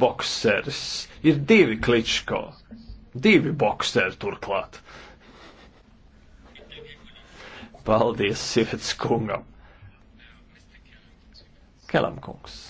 bokseris. Ir divi kličko. Divi bokseri turklāt. Paldies sievietes kungam. Kelam kungs.